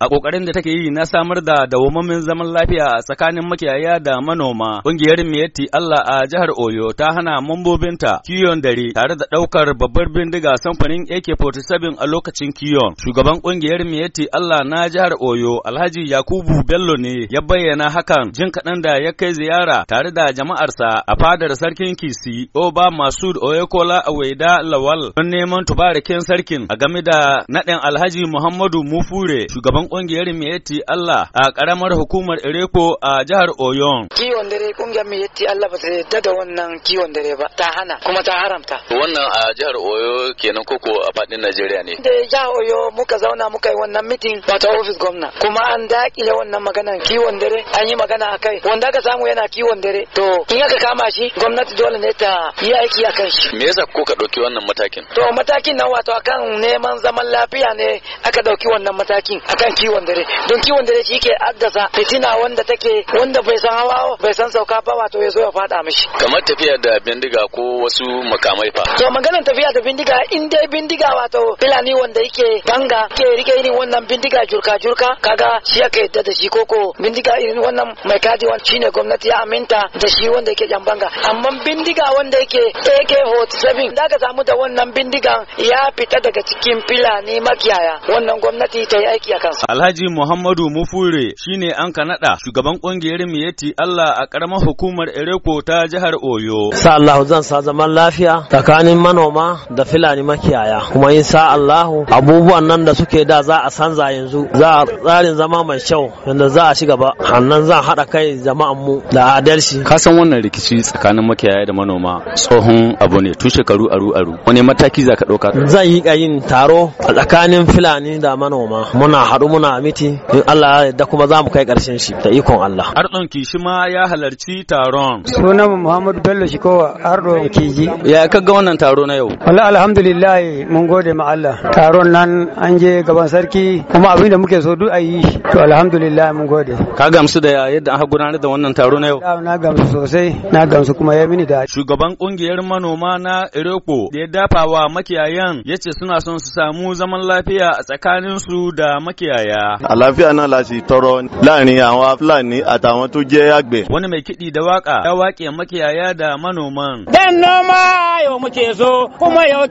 A ƙoƙarin da take yi na samar da dawwammamin zaman lafiya tsakanin makiyaya da manoma, ƙungiyar miyati Allah a jihar Oyo ta hana mambobinta kiyon dare tare da ɗaukar babbar bindiga samfanin AK-47 a lokacin kiyon. Shugaban ƙungiyar Miyetti Allah na jihar Oyo, Alhaji Yakubu Bello ne ya bayyana hakan jin kaɗan da ya kai ziyara tare da jama'arsa a fadar sarkin Kisi, Oba Masud Oyekola waida Lawal don neman tubarikin sarkin a game da naɗin Alhaji Muhammadu Mufure, shugaban kungiyar Miyeti Allah a karamar hukumar Ereko a jihar Oyon. Kiwon dare kungiyar Miyeti Allah ba ta yadda da wannan kiwon dare ba ta hana kuma ta haramta. Wannan a jihar Oyo kenan koko a fadin Najeriya ne. Da jihar Oyo muka zauna muka yi wannan mitin wato ofis gwamna kuma an dakile wannan maganan kiwon dare an yi magana akai wanda aka samu yana kiwon dare to in aka kama shi gwamnati dole ne ta yi aiki a kan shi. Me yasa kuka ɗauki wannan matakin? To matakin nan wato akan neman zaman lafiya ne aka ɗauki wannan matakin akan kiwon dare don kiwon dare shi ke addasa fitina wanda take wanda bai san hawa bai san sauka ba wato ya zo ya fada mishi kamar tafiya da bindiga ko wasu makamai fa to maganar tafiya da bindiga in dai bindiga wato filani wanda yake ganga ke rike irin wannan bindiga jurka jurka kaga shi aka yadda da shi koko bindiga irin wannan mai kadi wani shine gwamnati ya aminta da shi wanda yake jambanga amma bindiga wanda yake AK47 da ka samu da wannan bindigan ya fita daga cikin filani makiyaya wannan gwamnati ta yi aiki a kansa Alhaji Muhammadu Mufure shine an ka naɗa shugaban ƙungiyar Miyeti Allah a ƙaramar hukumar Ereko ta jihar Oyo. Sa Allahu zan sa zaman lafiya tsakanin manoma da Fulani makiyaya kuma in sa Allahu abubuwan nan da suke da za a sanza yanzu za a tsarin zama mai kyau yanda za a shiga ba hannan zan haɗa kai jama'an mu da adalci. Ka san wannan rikici tsakanin makiyaya da manoma tsohon abu ne tun shekaru aru aru wani mataki za ka ɗauka. Zan yi ƙayin taro a tsakanin Fulani da manoma muna haɗu muna miti in Allah ya yarda kuma za mu kai karshen shi ta ikon Allah Ardon Kishi ma ya halarci taron sunan Muhammadu Bello Shikowa Ardon Kiji ya ka ga wannan taro na yau wallahi alhamdulillah mun gode ma Allah taron nan an je gaban sarki kuma abin da muke so duk a yi to alhamdulillah mun gode ka gamsu da yadda aka gudanar da wannan taro na yau na gamsu sosai na gamsu kuma ya mini da shugaban kungiyar manoma na Ereko. da ya dafa wa makiyayan yace suna son su samu zaman lafiya a tsakaninsu da makiyaya baya. Àlàáfíà náà la sì tọrọ láàrin àwọn Fúlàní àtàwọn tó jẹ́ àgbẹ̀. Wani mai kiɗi da waka ya waƙe makiyaya da manoman. Dan noma y'o muke so, kuma yau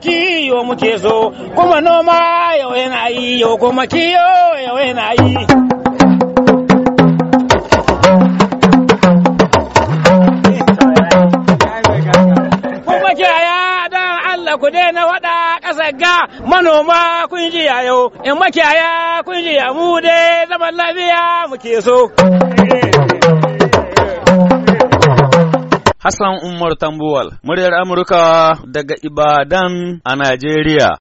y'o muke so, kuma noma y'o na yi, yau kuma y'o y'o na yi. ku na waɗa ƙasa ga manoma kun ji yau in makiyaya kun ji mu dai zaman lafiya muke so. Hassan Umar Tambuwal, muryar Amurka daga Ibadan a Najeriya.